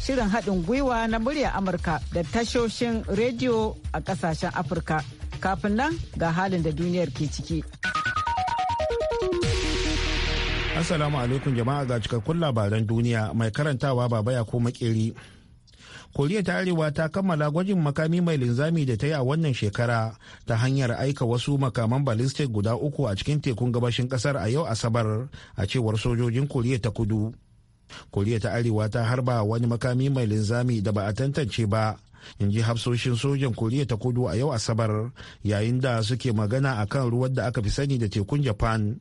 shirin haɗin gwiwa na murya Amurka da tashoshin rediyo a ƙasashen Afirka. Kafin nan ga halin da duniyar ke ciki. Assalamu alaikum jama'a ga cikakkun labaran duniya mai karantawa baba ya ko makeri. koriya ta arewa ta kammala gwajin makami mai linzami da ta yi a wannan shekara ta hanyar aika wasu makaman ballistic guda uku a cikin tekun gabashin kasar a yau asabar a cewar sojojin koriya ta kudu koriya ta arewa ta harba wani makami mai linzami da ba a tantance ba in ji hafsoshin sojan koriya ta kudu a yau asabar yayin da suke magana a kan ruwan da aka fi sani da tekun japan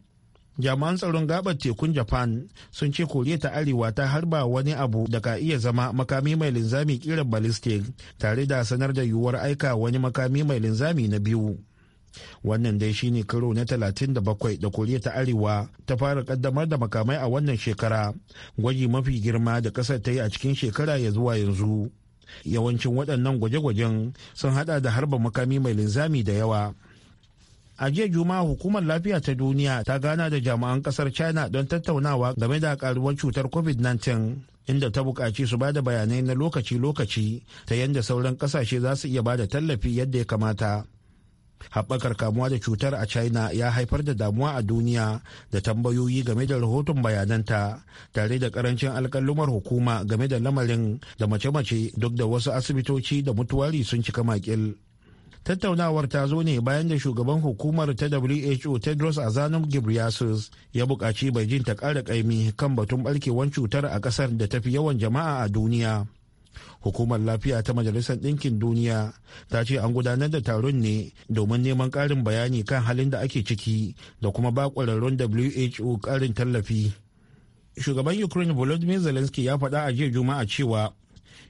jami'an tsaron gabar tekun japan sun ce koriya ta arewa ta harba wani abu da ka iya zama makami mai linzami kiran ballistic tare da sanar da yiwuwar aika wani makami mai linzami na biyu wannan dai shine karo na 37 da koriya ta arewa ta fara kaddamar da makamai a wannan shekara gwaji mafi girma da kasar ta yi a cikin shekara ya zuwa yanzu yawancin waɗannan gwaje-gwajen sun hada da harba makami mai linzami da yawa a jiya juma'a hukumar lafiya ta duniya ta gana da jami'an kasar china don tattaunawa game da karuwar cutar covid-19 inda ta buƙaci su ba da bayanai na lokaci-lokaci ta yadda sauran ƙasashe za su iya bada tallafi yadda ya kamata haɓakar kamuwa da cutar a china ya haifar da damuwa a duniya da tambayoyi game da rahoton bayananta tare da karancin alkalumar hukuma game da lamarin da mace-mace duk da wasu asibitoci da mutuwari sun cika makil tattaunawar ta zo ne bayan da shugaban hukumar ta who tedros adhanom gibriasus ya buƙaci beijing ta ƙara ƙaimi kan batun ɓarkewar cutar a ƙasar da tafi yawan jama'a a duniya hukumar lafiya ta majalisar ɗinkin duniya ta ce an gudanar da taron ne domin neman ƙarin bayani kan halin da ake ciki da kuma ba ƙwararrun who ƙarin tallafi shugaban ukraine volodymyr zelensky ya faɗa a jiya juma'a cewa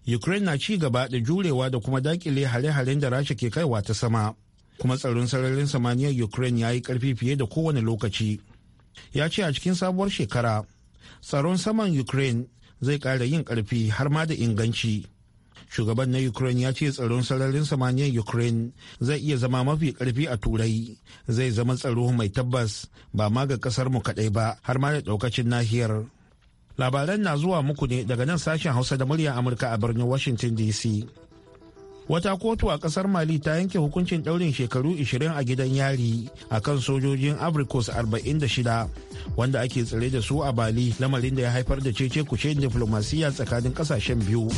ukraine na ci gaba da jurewa da kuma dakile hare-haren da rasha ke kaiwa ta sama kuma tsaron sararin samaniyar ukraine ya yi ƙarfi fiye da kowane lokaci ya ce a cikin sabuwar shekara tsaron saman ukraine zai ƙara yin ƙarfi har ma da inganci shugaban na ukraine ya ce tsaron sararin samaniyar ukraine zai iya zama mafi ƙarfi a turai zai zama tsaro mai tabbas ba ma ga kasar mu kadai ba har ma da ɗaukacin nahiyar labaran na zuwa muku ne daga nan sashen hausa da murya amurka a birnin washington dc wata kotu a kasar mali ta yanke hukuncin daurin shekaru 20 a gidan yari a kan sojojin abricos 46 wanda ake tsare da su a bali lamarin da ya haifar da cece kushe diflomasiyya tsakanin kasashen biyu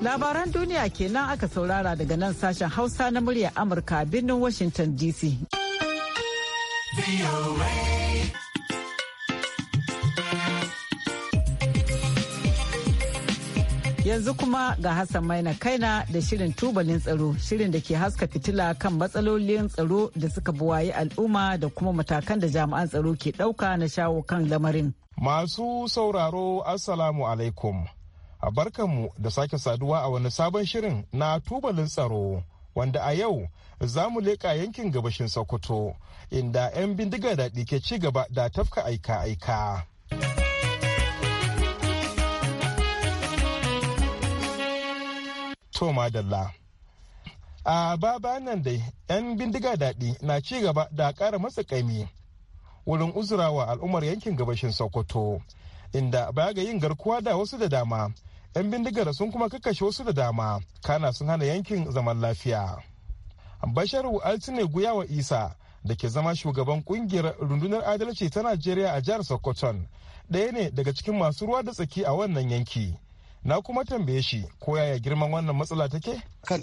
labaran duniya kenan aka saurara daga nan sashen hausa na muryar amurka birnin washington dc Yanzu kuma ga Hassan Maina Kaina da shirin tubalin tsaro, shirin da ke haska fitila kan matsalolin tsaro da suka buwayi al'umma da kuma matakan da jami'an tsaro ke ɗauka na shawo kan lamarin. Masu sauraro Assalamu alaikum. Barkanmu da sake saduwa a wani sabon shirin na tubalin tsaro. Wanda a yau za mu leƙa yankin gabashin Sokoto, inda 'yan bindiga daɗi ke ci gaba da tafka aika-aika. To madalla. A baba nan dai, 'yan bindiga daɗi na ci gaba da ƙara masa ƙaimi wurin uzurawa al'ummar yankin gabashin Sokoto, inda baya ga yin garkuwa da wasu da dama, 'yan bindigar sun kuma kakashe wasu da dama, kana sun hana yankin zaman lafiya. Basharu Altine Guyawa Isa da ke zama shugaban kungiyar rundunar adalci ta Najeriya a jihar Sokoton, ɗaya ne daga cikin masu ruwa da tsaki a wannan yanki. na kuma tambaye shi ko yaya girman wannan matsala take kan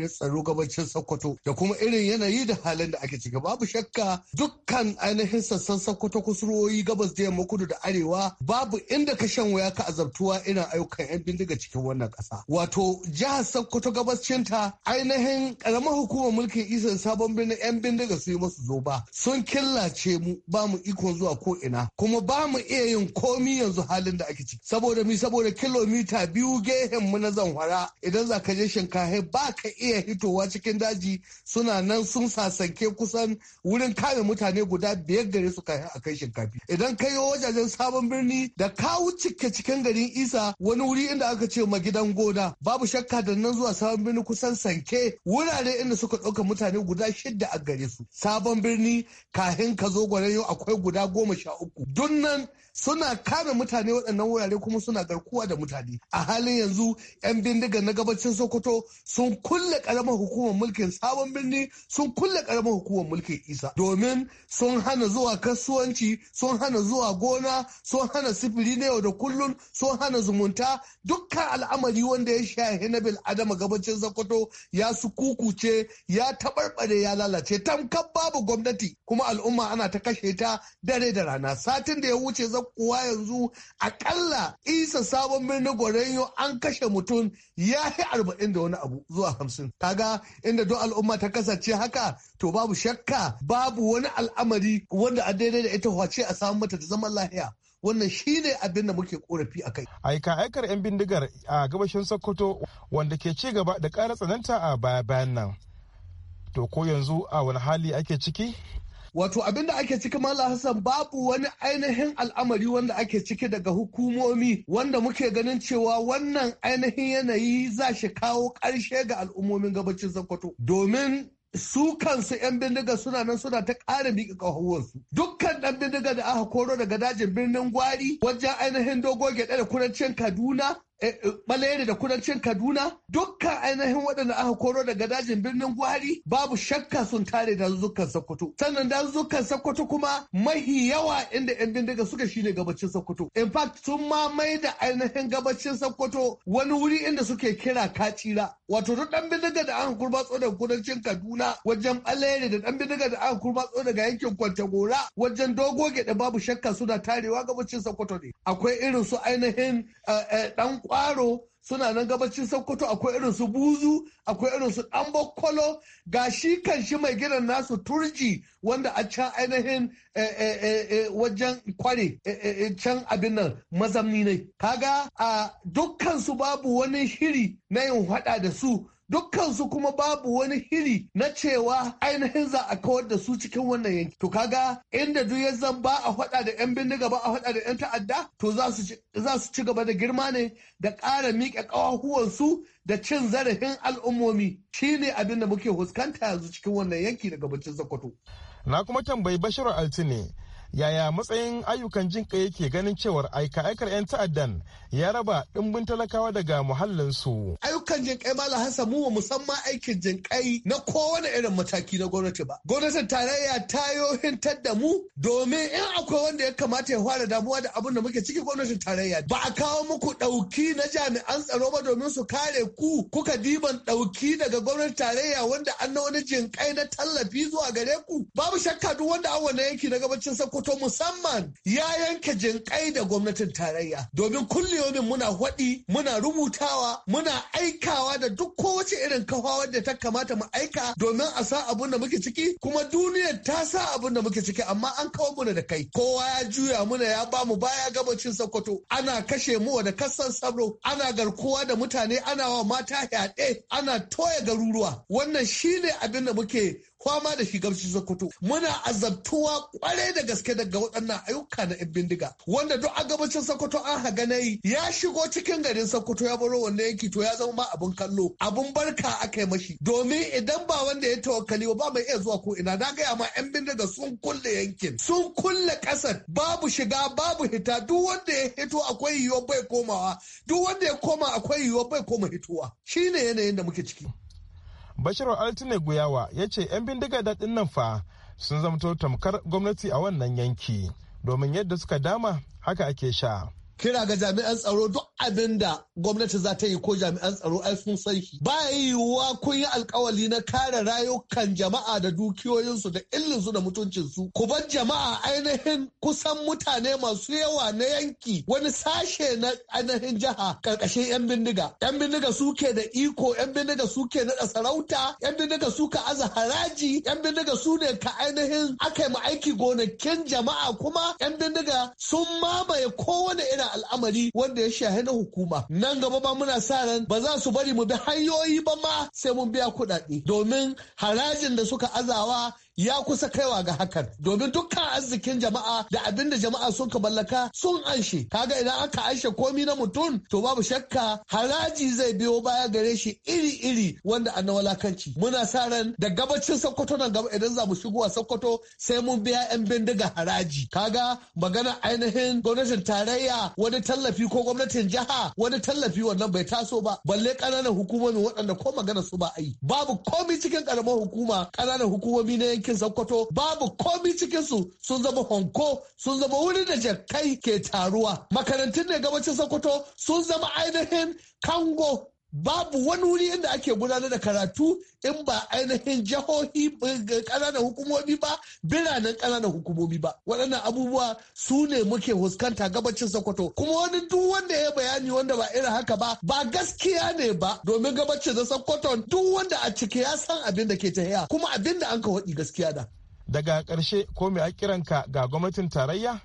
ya tsaro gabacin Sokoto da kuma irin yanayi da halin da ake ciki babu shakka dukkan ainihin sassan Sokoto kusurwoyi gabas da yamma kudu da arewa babu inda ka shan waya ka azabtuwa irin ayyukan yan bindiga cikin wannan kasa, wato jihar Sokoto gabascin ta ainihin karamar hukumar mulkin isan sabon birnin yan bindiga su yi musu ba sun killace mu ba mu ikon zuwa ko ina kuma ba mu iya yin komi yanzu halin da ake ciki saboda mi saboda kilomita biyu gehen mu na zanwara idan za ka je shinkafa ba ka iya hitowa cikin daji suna nan sun sasanke kusan wurin kame mutane guda biyar gare su kayan a kai shinkafi idan ka yi wajajen sabon birni da ka wuce cikin garin isa wani wuri inda aka ce ma gidan gona babu shakka da nan zuwa sabon birni kusan sanke wurare inda suka ɗauka mutane guda shida a gare su sabon birni kahin ka zo gwanan yau akwai guda goma sha uku duk nan suna kame mutane waɗannan wurare kuma suna garkuwa da mutane a halin yanzu 'yan bindiga na gabacin sokoto sun kulle karamar hukumar mulkin sabon birni sun kulle karamar hukumar mulkin isa domin sun hana zuwa kasuwanci sun hana zuwa gona sun hana sifiri na yau da kullun sun hana zumunta dukkan al'amari wanda ya shahi na bil adama gabacin sokoto ya su kukuce ya taɓarɓare ya lalace tamkar babu gwamnati kuma al'umma ana ta kashe ta dare da rana satin da ya wuce kuwa yanzu akalla isa sabon birnin gorenyo an kashe mutum ya yi arba'in da wani abu zuwa hamsin kaga inda don al'umma ta kasance haka to babu shakka babu wani al'amari wanda a daidai da ita wace a samu mata ta zaman lahiya wannan shine abin da muke korafi a kai. Aika aikar 'yan bindigar a gabashin Sokoto wanda ke ci gaba da ƙara tsananta a baya bayan nan. To ko yanzu a wani hali ake ciki? wato abin da ake ciki mala hassan babu wani ainihin al'amari wanda ake ciki daga hukumomi wanda muke ganin cewa wannan ainihin yanayi za shi kawo ƙarshe ga al'ummomin gabacin sokoto domin su kansu 'yan bindiga suna nan suna ta ƙara miƙa ƙahuwansu dukkan ɗan bindiga da aka koro daga dajin birnin gwari wajen ainihin dogo gyaɗe da kudancin kaduna ɓalayere da kudancin Kaduna dukkan ainihin waɗanda aka koro daga dajin birnin Gwari babu shakka sun tare da zukan Sokoto. Sannan zukan Sokoto kuma mahi yawa inda 'yan bindiga suka shine gabacin Sokoto. In fact sun ma mai da ainihin gabacin Sokoto wani wuri inda suke kira Kacira. Wato duk ɗan bindiga da aka kurbatso daga kudancin Kaduna wajen ɓalayere da ɗan bindiga da aka kurbatso daga yankin Kwantagora wajen dogo gyaɗa babu shakka suna tarewa gabacin Sokoto ne. Akwai irin su ainihin eh, eh, ɗan kwaro suna nan gabacin sokoto akwai irin su buzu akwai irin su dan bakwalo ga shi kan shi mai gidan nasu turji wanda a can ainihin eh, eh, eh, wajen kware can abin nan mazamni ne kaga a dukkan su babu wani shiri na yin hada da su dukkansu kuma babu wani hiri na cewa ainihin za a kawar da su cikin wannan yanki to kaga inda duk ya zan ba a faɗa da yan bindiga ba a faɗa da yan ta'adda to za su ci gaba da girma ne da ƙara miƙe su da cin zarafin al'ummomi shine abin da muke huskanta yanzu cikin wannan yanki da gabacin zakwato. na kuma tambayi bashiru altine yaya matsayin ayyukan jin yake ganin cewar aika aikar 'yan ta'addan ya raba ɗimbin talakawa daga muhallinsu. Ayyukan jinƙai Malam Hassan mu musamman aikin jinƙai na kowane irin mataki na gwamnati ba. Gwamnatin tarayya ta hintar da mu domin in akwai wanda ya kamata ya fara damuwa da abin da muke ciki gwamnatin tarayya. Ba a kawo muku ɗauki na jami'an tsaro ba domin su kare ku kuka diban ɗauki daga gwamnatin tarayya wanda an na wani jinƙai na tallafi zuwa gare ku. Babu shakka duk wanda an wannan yanki na gabacin Sokoto musamman ya yanke jinƙai da gwamnatin tarayya domin kulle bidiyoyin muna hwaɗi muna rubutawa muna aikawa da duk kowace irin kafa wadda ta kamata mu aika domin a sa abun da muke ciki kuma duniyar ta sa abun da muke ciki amma an kawo muna da kai kowa ya juya muna ya ba mu baya gabacin sokoto ana kashe mu da kasan sabro ana garkuwa da mutane ana wa mata yaɗe ana toya garuruwa wannan shine abin da muke kwama da shi gamshi sokoto muna azabtuwa kwarai da gaske daga waɗannan ayyuka na yan bindiga wanda duk a gabacin sokoto an haga nayi ya shigo cikin garin sokoto ya baro wanda yanki to ya zama ma abin kallo Abun barka aka yi mashi domin idan ba wanda ya tawakkali ba mai iya zuwa ko ina na gaya ma yan bindiga sun kulle yankin sun kulle ƙasar babu shiga babu hita duk wanda ya hito akwai yiwuwar bai komawa duk wanda ya koma akwai yiwuwar bai koma hitowa shine yanayin da muke ciki bashir altine guyawa ya ce 'yan bindiga daɗin nan fa sun zamto tamkar gwamnati a wannan yanki domin yadda suka dama haka ake sha kira ga jami'an tsaro duk abin da gwamnati za ta yi ko jami'an tsaro ai sun san shi ba yiwuwa kun yi alkawali na kare rayukan jama'a da dukiyoyinsu da illinsu da mutuncinsu ku bar jama'a ainihin kusan mutane masu yawa na yanki wani sashe na ainihin jiha karkashin yan bindiga yan bindiga suke da iko yan bindiga suke na sarauta yan bindiga suka aza haraji yan bindiga su ne ka ainihin aka yi aiki gonakin jama'a kuma yan bindiga sun mamaye kowane irin da al'amari wanda ya shahi na hukuma nan gaba ba muna sa ran ba za su bari mu bi hanyoyi ba ma sai mun biya kuɗaɗe domin harajin da suka azawa ya kusa kaiwa ga hakan domin dukkan arzikin jama'a da abin da jama'a sun ka mallaka sun anshe kaga idan aka anshe komi na mutum to babu shakka haraji zai biyo baya gare shi iri-iri wanda na walakanci muna sa ran da gabacin sokoto nan gaba idan za mu shigo a sokoto sai mun biya yan bindiga haraji kaga magana ainihin gwamnatin tarayya wani tallafi ko gwamnatin jiha wani tallafi wannan bai taso ba balle ƙananan hukumomi waɗanda ko magana su ba a yi babu komi cikin ƙaramar hukuma ƙananan hukumomi na yankin Sokoto babu komi cikin su sun zama honko sun zama wurin da jakkai ke taruwa makarantun da gabacin Sokoto sun zama ainihin kango babu wani wuri inda ake gudanar da karatu in ba ainihin jihohi eh, ƙananan hukumomi ba biranen ƙananan hukumomi ba waɗannan abubuwa su ne muke huskanta gabacin sokoto kuma wani duk wanda ya bayani wanda ba irin haka ba ba gaskiya ne ba domin gabacin da sokoto duk wanda a ciki ya san abin da ke tahiya kuma abin da an ka waɗi gaskiya da daga ƙarshe ko me a kiranka ga gwamnatin tarayya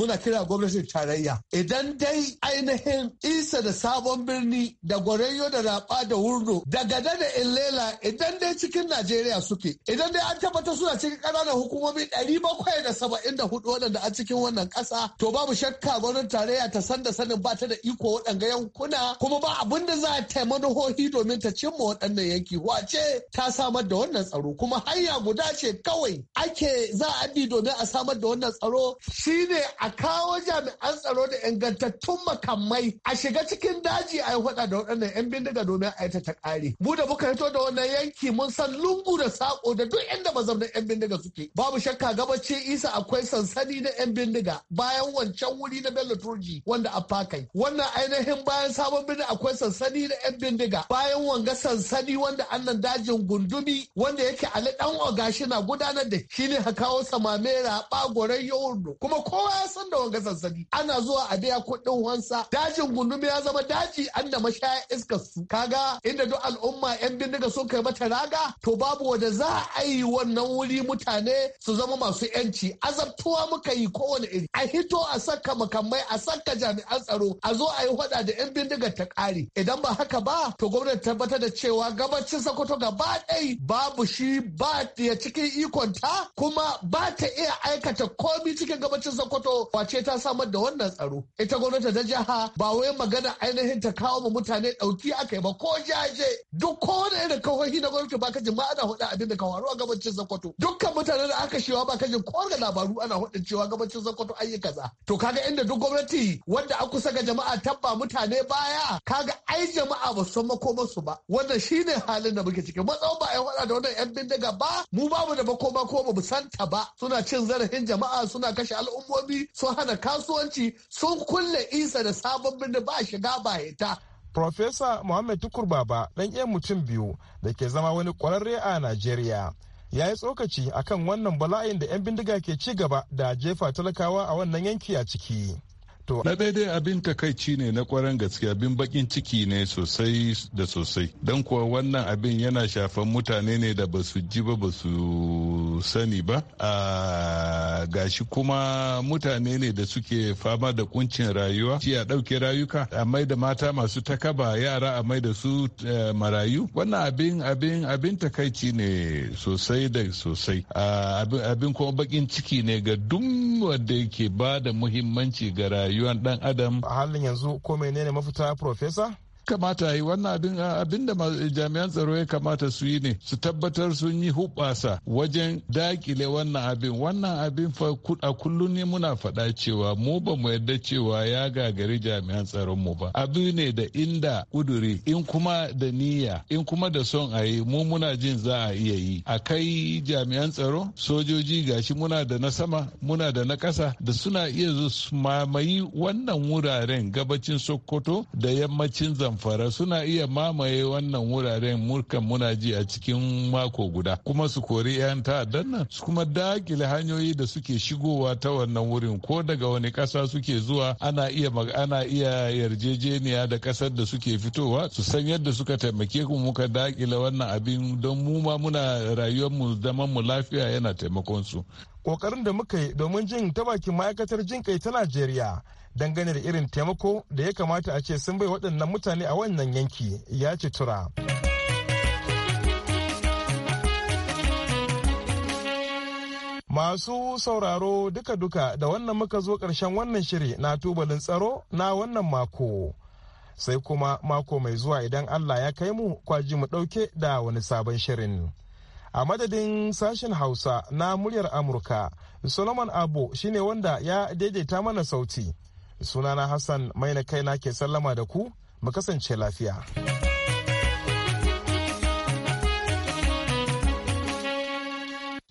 muna kira gwamnatin tarayya idan dai ainihin isa da sabon birni da gwarayyo da raba da wurno da gada da illela idan dai cikin najeriya suke idan dai an tabbatar suna cikin ƙananan hukumomi ɗari bakwai da saba'in da hudu waɗanda a cikin wannan ƙasa to babu shakka gwamnatin tarayya ta san da sanin ba ta da iko waɗanga yankuna kuma ba abin da za ta manuhohi domin ta cimma waɗannan yanki wace ta samar da wannan tsaro kuma hanya guda ce kawai ake za a bi domin a samar da wannan tsaro shine a a kawo jami'an tsaro da ingantattun makamai a shiga cikin daji a yi hada da waɗannan 'yan bindiga domin a yi ta ƙare. Mu da muka hito da wannan yanki mun san lungu da sako da duk inda mazaunin 'yan bindiga suke. Babu shakka gabace isa akwai sansani na 'yan bindiga bayan wancan wuri na Bello Turji wanda a fakai. Wannan ainihin bayan sabon birni akwai sansani na 'yan bindiga bayan wanga sansani wanda annan dajin gundumi wanda yake Ali Dan Ogashi na gudanar da shi ne hakawo samame raɓa goren yawon kuma kowa ya watsar da wanga sansani ana zuwa a biya kuɗin wansa dajin gundumi ya zama daji an da mashaya iskar su kaga inda duk al'umma yan bindiga sun kai mata raga to babu wanda za a yi wannan wuri mutane su zama masu yanci azabtuwa muka yi kowane iri a hito a saka makamai a saka jami'an tsaro a zo a yi hada da yan bindiga ta kare idan ba haka ba to gwamnati tabbatar da cewa gabacin sokoto gaba ɗai babu shi ba ya cikin ikonta kuma ba ta iya aikata komi cikin gabacin sokoto Wace ta samar da wannan tsaro ita gwamnati ta jiha ba wai magana ainihin ta kawo ma mutane dauki aka yi ba ko jaje duk ko wani irin kahohi na gwamnati ba ka jin ma ana hudu abin da ka waro a gabacin zakwato dukkan mutane da aka shewa ba ka jin ga labaru ana hudu cewa gabacin zakwato an yi kaza to kaga inda duk gwamnati wanda a kusa ga jama'a tabba mutane baya kaga ai jama'a ba su makoman su ba wannan shine halin da muke ciki matsawon ba a yi hada da wannan yan bindiga ba mu babu da makoma ko ba mu santa ba suna cin zarafin jama'a suna kashe al'ummomi sun hana kasuwanci sun kulle isa da sabon birnin ba shiga ba ita Profesa Muhammad Tukur Baba ɗan mutum biyu da ke zama wani ƙwararre a Najeriya. Ya yi tsokaci akan wannan bala'in da 'yan bindiga ke ci gaba da jefa talakawa a wannan yanki a ciki. to na daidai dai abin takaici ne na kwaran gaske abin bakin ciki ne sosai da sosai don kuwa wannan abin yana shafan mutane ne da ba su ji ba ba su sani ba a gashi kuma mutane ne da suke fama da kuncin rayuwa shi a ɗauke rayuka a mai da mata masu takaba yara a mai da su eh, marayu wannan abin abin abin takaici ne sosai da sosai abin kuma bakin ciki ne ga duk wanda yake ba da muhimmanci ga rayuwa rayuwar dan adam a halin yanzu ko menene mafita profesa kamata yi wannan abin abin da jami'an tsaro ya kamata su yi ne su tabbatar sun yi hubasa wajen dakile wannan abin wannan abin fa a kullum ne muna faɗa cewa mu ba mu yarda cewa ya gagari jami'an tsaron mu ba abu ne da inda kuduri in kuma da niyya in kuma da son a yi mu muna jin za a iya yi a kai jami'an tsaro sojoji gashi muna da na sama muna da na ƙasa da suna iya su mamayi wannan wuraren gabacin sokoto da yammacin zama zamfara suna iya mamaye wannan wuraren murkan muna ji a cikin mako guda kuma su kori 'yan ta'addan nan su kuma dakile hanyoyi da suke shigowa ta wannan wurin ko daga wani kasa suke zuwa ana iya ana iya yarjejeniya da ƙasar da suke fitowa su san yadda suka taimake mu muka dakile wannan abin don mu ma muna rayuwar mu zaman mu lafiya yana taimakon su kokarin da muka yi domin jin ta bakin ma'aikatar jin kai ta najeriya dangane da irin taimako da ya kamata a ce sun bai waɗannan mutane a wannan yanki ya ci tura. Masu sauraro duka-duka da wannan muka zo ƙarshen wannan shiri na tubalin tsaro na wannan mako. Sai kuma mako mai zuwa idan Allah ya kai mu kwaji mu ɗauke da wani sabon shirin. a madadin sashen hausa na muryar amurka solomon abu shine wanda ya daidaita mana sauti sunana hassan mai na kaina ke sallama da ku mu kasance lafiya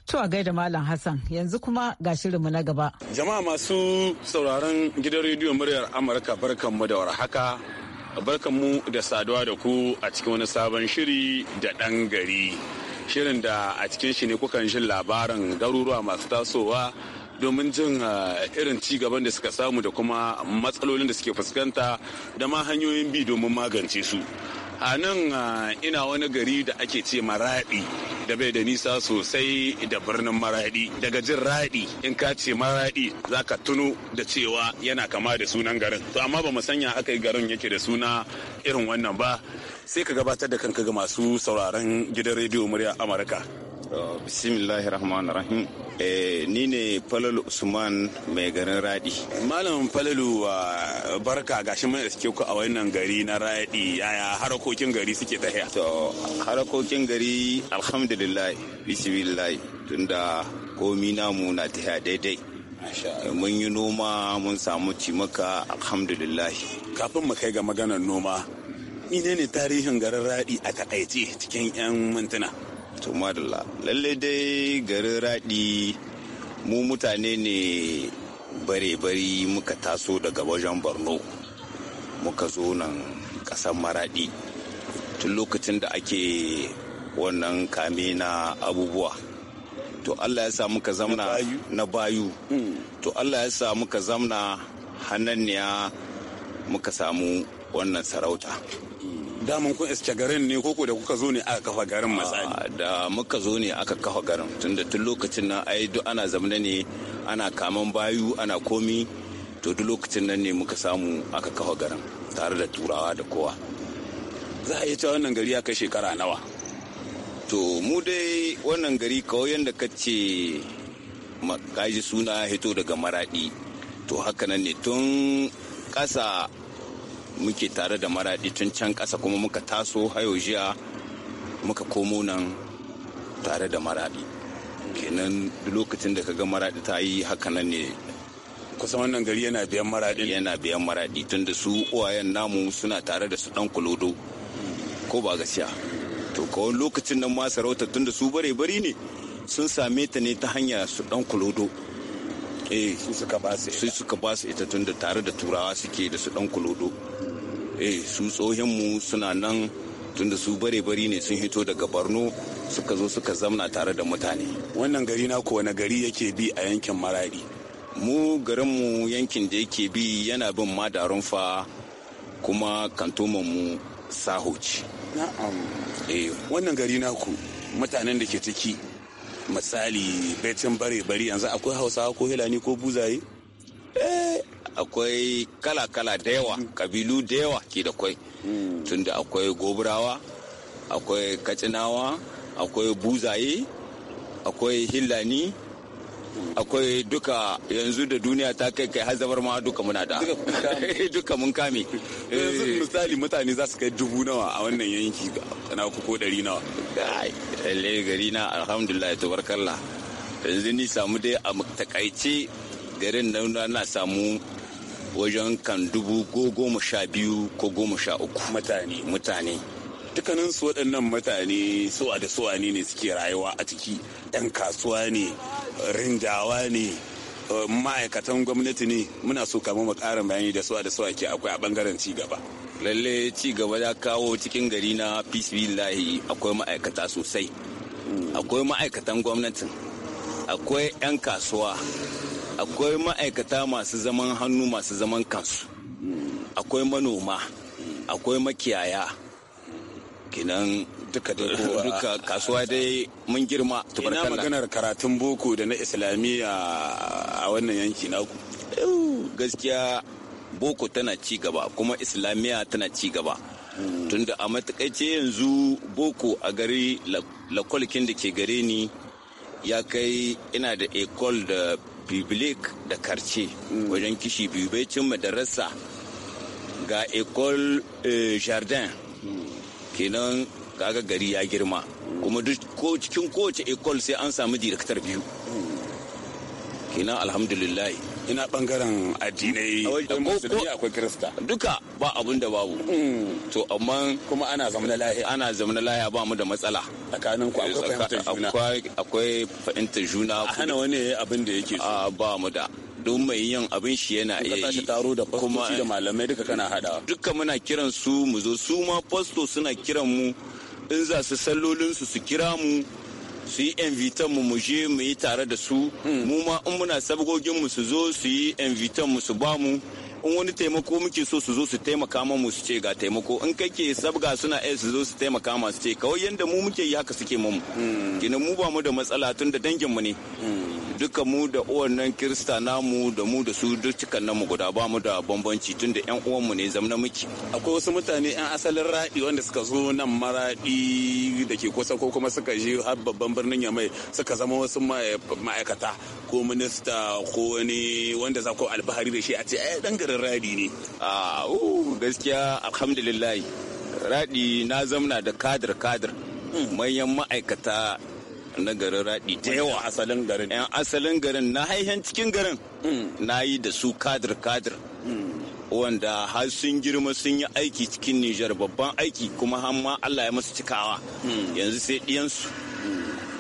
To gaida Malam Hassan yanzu kuma ga shirinmu na gaba. Jama'a masu sauraron gidan rediyon muryar Amurka barkan mu da warhaka. mu da saduwa da ku a cikin wani sabon shiri da ɗan gari. shirin da a cikin shi ne kukan jin labarin garuruwa masu tasowa domin jin eh, irin ci gaban da suka samu da kuma matsalolin da suke fuskanta da ma hanyoyin bi domin magance su a nan eh, ina wani gari da ake ce maraɗi da bai da nisa sosai da birnin maraɗi daga jin raɗi in ka ce maraɗi za ka tuno da cewa yana kama da sunan garin to amma ba mu sanya aka yi garin yake da suna irin wannan ba sai ka gabatar da kanka ga masu sauraron gidan rediyo murya Amurka. Uh, bismillahir rahmanir rahim eh, ni ne falalu usman mai garin radi malam falalu barka gashi mun iske ku a wannan gari na radi yaya harakokin gari suke tafiya to harakokin gari alhamdulillah bismillah tunda komi namu na tafiya daidai mun yi noma mun samu cimaka alhamdulillah kafin mu kai ga maganar noma menene tarihin garin raɗi a takaice cikin 'yan mintuna to madalla lalle dai garin raɗi mu mutane ne bare-bari muka taso daga wajen borno muka zo nan ƙasar maraɗi tun lokacin da ake wannan kame na abubuwa to allah ya sa muka zamna na bayu hmm. to allah ya sa muka zamna hannanniya muka samu wannan sarauta damun kun iske garin ne koko da kuka zo ne aka kafa garin matsali ah, da muka zo ne aka kafa garin tunda tun lokacin nan ai duk ana zamana ne ana kaman bayu ana komi to duk lokacin nan ne muka samu aka kafa garin tare da turawa da kowa za a yi ta wannan gari ya kai shekara nawa to mu dai wannan gari kawai yadda ka ce kaji suna hito daga maradi to haka nan ne tun ƙasa muke tare da maradi tun can ƙasa kuma muka taso hayo jiya muka komo nan tare da maradi kenan lokacin da kaga maradi ta yi haka nan ne kusan wannan gari yana biyan maradi yana biyan maradi tun da su uwayen namu suna tare da su dan kulodo ko ba gaskiya to kawai lokacin nan ma sarauta tun da su bare bari ne sun same ta ne ta hanya su dan kulodo eh su suka ba su ita tun da tare da turawa suke da su dan kulodo eh su tsohinmu suna nan tunda su bare-bari ne sun hito daga borno suka zo suka zamna tare da mutane wannan gari na ko wani gari yake bi a yankin maradi mu garinmu yankin da yake bi yana bin madarin fa kuma mu sahoci na'am eh wannan gari na ku mutanen da ke ciki misali betin bare-bari yanzu akwai hausawa ko hilani ko buzaye eh akwai kala-kala da yawa kabilu da yawa ke da kwai hmm. tunda akwai goburawa akwai kacinawa akwai buzaye akwai hillani akwai duka yanzu da duniya ta kai kai hazabar ma duka muna da duka mun kame yanzu eh. misali mutane za su kai dubu nawa a wannan yanki na ko dari nawa lalle gari na alhamdulillah tabarakallah yanzu ni samu dai a takaice garin nan na samu wajen kan dubu ko goma sha biyu ko goma sha uku mutane mutane dukkanin su waɗannan mutane suwa da suwa ne ne suke rayuwa a ciki ɗan kasuwa ne rinjawa ne eh, ma'aikatan gwamnati ne muna so kama mu ƙarin bayani da suwa da suwa ke akwai a ɓangaren ci gaba lalle ci gaba ya kawo cikin gari na peace akwai ma'aikata sosai mm. akwai ma'aikatan gwamnatin akwai 'yan kasuwa akwai ma'aikata masu zaman hannu masu zaman kansu akwai manoma akwai makiyaya kinan duka duka kasuwa dai mun girma tubarkalla ina maganar karatun boko da na islamiyya a wannan yanki naku gaskiya boko tana ci gaba kuma islamiyya tana ci gaba tunda a matakaice yanzu boko a gari lakwalkin da ke gare ni ya kai ina da ecole da biblik da karce mm. wajen kishi biyu bai cin madarasa ga ecole eh, jardin mm. kenan kaga gari ya girma mm. kuma duk cikin kowace ecole sai an samu direktar biyu kenan alhamdulillah ina bangaren addinai akwai kirista duka ba abun da babu hmm. to amma kuma ana zama na lahiya ana zama na lahiya ba mu da matsala tsakanin ku akwai fahimtar juna akwai fahimtar juna a hana wani abin da yake so ba mu da don mai yin abin shi yana iya yi taro da kuma da malamai duka kana hada duka muna kiran su mu zo su ma fasto suna kiran mu in za su sallolin su su kira mu su yi invitan mu je mu yi tare da su hmm. mu ma in muna sabgogin mu su zo su yi invitan mu su ba mu in wani taimako muke so su zo su taimaka mu su ce ga taimako in kake sabga suna iya su zo su taimaka ma su ce kawai yanda mu muke yi haka suke mu gina hmm. mu ba mu da matsala tun da dangin mu ne hmm. duka mu da uwan nan kirista namu da mu da su duk cikan namu guda ba mu da bambanci tun da yan uwanmu ne zamna muke akwai wasu mutane yan asalin raɗi wanda suka zo nan maraɗi da ke kusa ko kuma suka je har babban birnin yamai suka zama wasu ma'aikata ko minista ko wani wanda za ku alfahari da shi a ce ai eh, dan garin raɗi ne a gaskiya alhamdulillah raɗi na zamna da kadir kadir hmm. manyan ma'aikata na garin raɗi da yawa asalin garin yan asalin garin na haihen cikin garin hmm. na yi da su kadir kadir hmm. wanda har sun girma sun yi aiki cikin nijar babban aiki kuma har ma allah ya masu cikawa hmm. yanzu sai ɗiyansu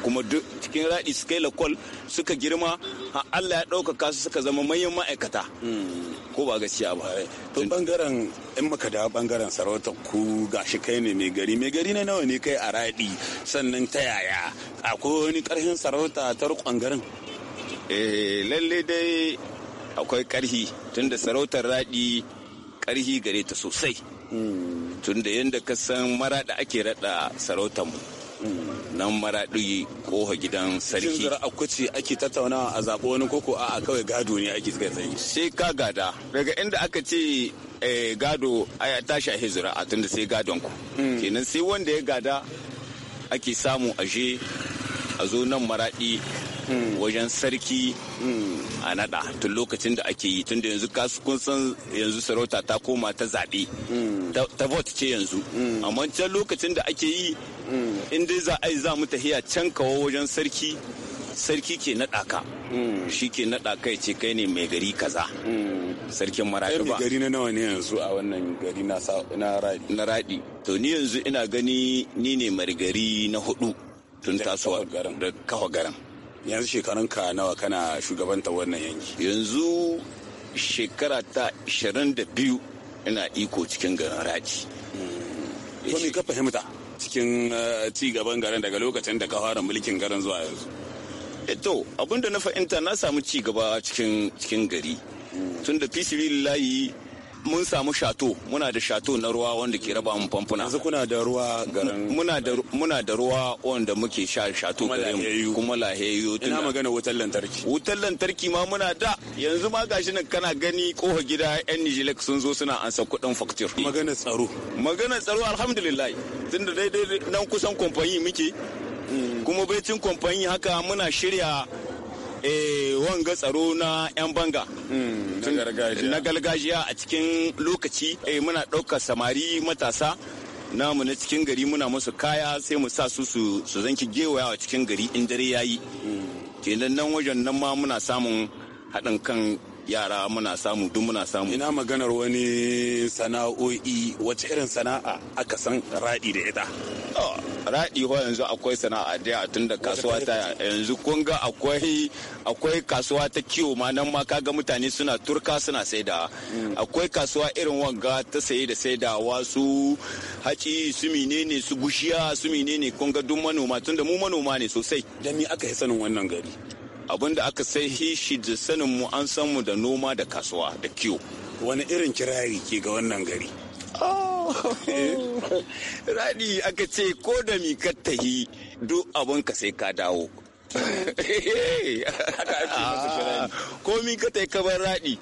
kuma duk cikin raɗi suka yi lakol suka girma har allah ya ɗaukaka su suka zama manyan ma'aikata ko ba gaskiya ba to bangaren in muka da bangaren sarauta ku gashi kai ne mai gari mai gari na nawa ne kai a raɗi sannan ta yaya akwai wani karhin sarauta ta rukon garin eh lalle dai akwai karhi tunda sarautar raɗi karhi gare ta sosai hmm. tunda yadda ka san mara da ake raɗa sarautar mu nan maraɗi koha gidan sarki. A zara akwace ake tattaunawa a zaɓo wani koko a kawai gado ne ake zai tsaye. Sai ka gada daga inda aka ce eh, gado aya tashi a hezura a tunda sai gadon ku. Hmm. Kenan sai wanda ya gada ake samu aje a zo nan maraɗi Hmm. wajen sarki hmm. a nada tun lokacin da ake yi tun da yanzu kun san yanzu sarauta ta koma ta zaɓe hmm. ta vote ce yanzu amma can lokacin da ake yi in dai za a yi za mu tahiya can kawo wajen sarki sarki ke naɗa ka shi ke naɗa kai ce kai ne mai gari kaza sarkin maraɗi ba gari na nawa ne yanzu a wannan gari na raɗi to ni yanzu ina gani ni ne marigari na hudu tun tasowa da kawo garin. yanzu shekarun ka nawa kana shugabanta wannan yanki yanzu shekara ta 22 ina iko cikin garin raji hmm. to me ka fahimta cikin eh, ci gaban garin daga lokacin da ka fara mulkin garin zuwa yanzu eh, to abinda na fahimta na samu ci gaba cikin cikin gari hmm. tun da layi. mun samu shato muna da shato na ruwa wanda ke raba mu famfuna yanzu kuna da ruwa garin muna da muna da ruwa wanda muke sha shato gare mu kuma laheyu ina magana wutar lantarki wutar lantarki ma muna da yanzu ma gashi nan kana gani kofa gida yan Nijilek sun zo suna ansa kuɗin faktir magana tsaro magana tsaro alhamdulillah tunda daidai nan kusan kamfani muke mm. kuma baitin kamfani haka muna shirya eh wanga tsaro na 'yan banga hmm, na gargajiya a cikin lokaci eh, muna ɗaukar samari matasa namu na cikin gari muna musu kaya sai mu sa su su zanki gewaya a cikin gari in dare yayi hmm. kenan nan wajen nan ma muna samun haɗin kan yara muna samu duk muna samu ina maganar wani sana'o'i wace irin sana'a aka san raɗi da ita raɗi ho yanzu akwai sana'a da tun da kasuwa ta yanzu kun ga akwai akwai kasuwa ta kiwo ma nan ma kaga mutane suna turka suna saida mm. akwai kasuwa irin wanga ta saye da saida su haci su menene su gushiya su menene kun ga duk manoma tun da mu manoma ne sosai da ni aka yi sanin wannan gari abin da aka sai hishi da sanin mu an san mu da noma da kasuwa da kiwo wani irin kirari ke ga wannan gari oh. raɗi aka ce ko da mi ka tahi duk abin ka sai ka dawo ah, ko mi ka tahi ka bar raɗi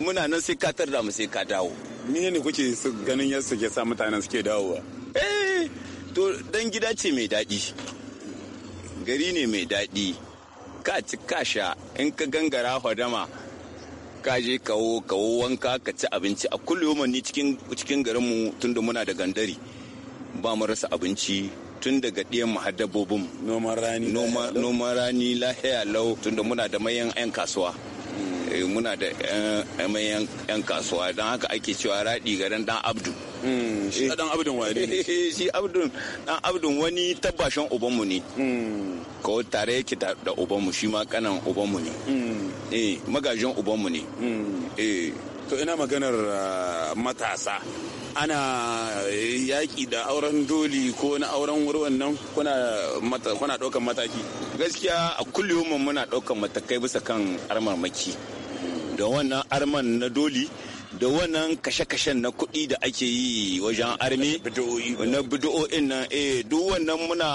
muna nan sai ka tarda mu sai ka dawo mene ne kuke ganin yadda suke sa mutanen suke dawowa eh to dan gida ce mai daɗi gari ne mai daɗi ka ci ka sha in ka gangara hodama ka je kawo kawo wanka ka ci abinci a kullum ni cikin cikin garinmu tun da muna da gandari ba mu rasa abinci tun daga ɗiyan mu dabbobin noman rani noman rani lahiya lau tun da muna da mayan 'yan kasuwa eh, muna da eh, mayan 'yan kasuwa don haka ake cewa raɗi garin dan abdu Hmm, shi dan eh. abdun wane ne shi abdun dan abdun wani tabbashin ubanmu ne hmm. ko tare yake da ubanmu shi ma kanan ubanmu ne hmm. eh magajin ubanmu ne eh to ina maganar ah, matasa ana eh, yaƙi da auren doli ko na auren wurwan nan kuna ɗaukan mataki gaskiya a kullum muna ɗaukan matakai bisa kan maki don wannan armar na doli da wannan kashe-kashen na kuɗi da ake yi wajen armi na bido'o'in nan eh duk wannan muna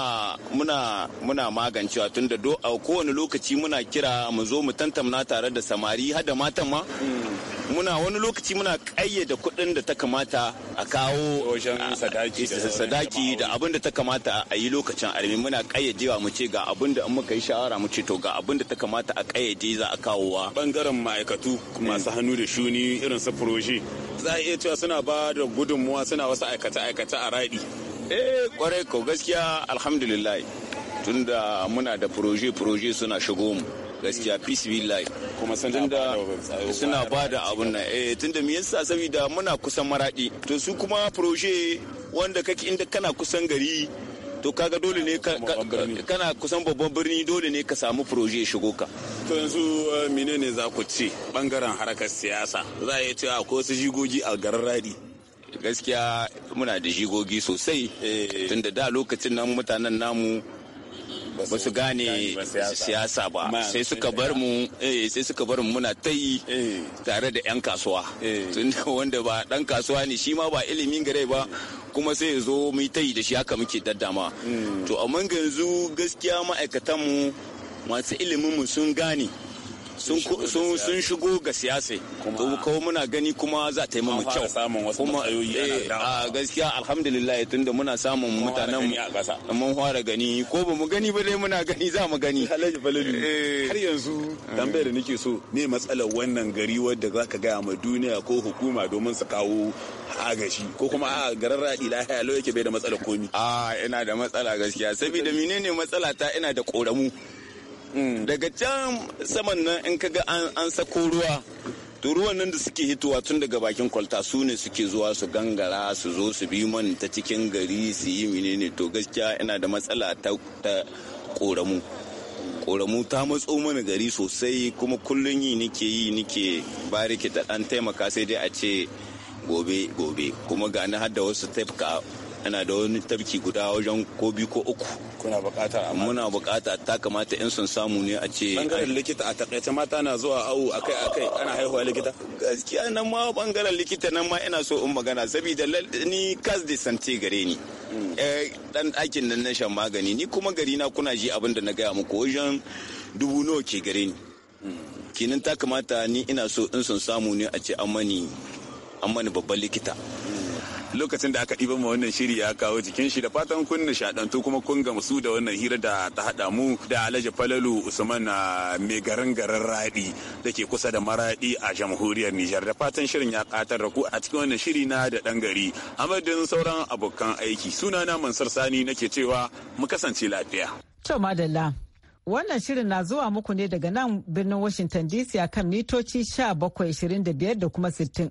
muna muna magancewa tun da a kowane lokaci muna kira mu zo mu tantamna tare da samari har da matan ma mm. muna wani lokaci muna kayyada kuɗin da ta kamata a kawo sadaki da abin da ta kamata a yi lokacin armi muna ƙayyadewa mu ce ga abin da muka yi shawara mu ce to ga abin da ta kamata a ƙayyade za a kawowa bangaren ma'aikatu masu eh. hannu da shuni irin su furoshi za a iya cewa suna ba da gudunmuwa suna wasu aikata-aikata a raɗi eh kwarai ko gaskiya alhamdulillah tunda muna da furoje-furoje suna shigo mu gaskiya peace be life kuma sun tunda suna ba da abun nan eh tunda me yasa saboda muna kusan maradi to su kuma proje wanda kake inda kana kusan gari to kaga dole ne kana kusan babban birni dole ne ka samu proje shigo ka to yanzu eh, menene za ku ce bangaren harkar siyasa za a ce akwai wasu jigogi a garin radi gaskiya muna da jigogi sosai eh. tunda da lokacin nan mutanen namu ba su gane siyasa ba sai suka bar mu eh, sai suka bar mu muna ta yi tare da 'yan kasuwa eh. tun wanda ba dan kasuwa ne shi ma ba ilimin gare ba kuma sai ya zo mu ta yi da shi haka muke daddama hmm. to amma yanzu gaskiya ma'aikatan mu masu ilimin mu sun gane sun shigo ga siyasa kuma muna gani kuma za ta yi mu kyau kuma eh, a gaskiya alhamdulillah tunda muna samun mutanen mun fara gani ko ba mu gani ba dai muna gani za mu gani eh. har yanzu tambayar da nake so ne matsalar wannan gari wadda za ka gaya ma duniya ko hukuma domin su kawo agashi ko kuma a garin raɗi lahiya lau yake bai da matsalar komi a ah, ina da matsala gaskiya saboda menene matsala ta ina da ƙoramu Mm. daga can saman nan in kaga an sako ruwa to ruwan nan da suke hitowa tun daga bakin kwalta su ne suke zuwa su gangara su zo su bi man ta cikin gari su yi menene to gaskiya ina da matsala ta koramu koramu ta matso mana gari sosai kuma kullum yi nike yi nike bariki ta dan taimaka sai dai a ce gobe gobe kuma gani har da wasu tafka ana da wani tafki guda wajen ko biyu ko uku kuna bukata muna bukata ta kamata in sun samu ne a ce bangaren likita a takaice mata na zuwa awu akai akai ana haihuwa likita gaskiya nan ma bangaren likita nan ma ina so in magana saboda ni kas de sante gare ni hmm. eh, dan ɗakin nan na shan magani ni kuma gari na kuna ji abin da na gaya muku wajen dubu nawa ke gare ni hmm. Kinan ta kamata ni ina so in sun samu ne a ce an mani babban likita hmm. lokacin da aka ɗiba ma wannan shiri ya kawo jikin shi da fatan kun nishaɗantu kuma kun gamsu da wannan hira da ta haɗa mu da Alhaji Falalu Usman na ah, mai garin garin Raɗi da ke kusa da Maraɗi a jamhuriyar Nijar da fatan shirin ya ƙatar da ku a cikin wannan shiri na da ɗan gari amadin sauran abokan aiki sunana Mansur Sani nake cewa mu kasance lafiya. To madalla Wannan shirin na zuwa muku ne daga nan birnin Washington DC a kan mitoci 1725 da kuma sittin.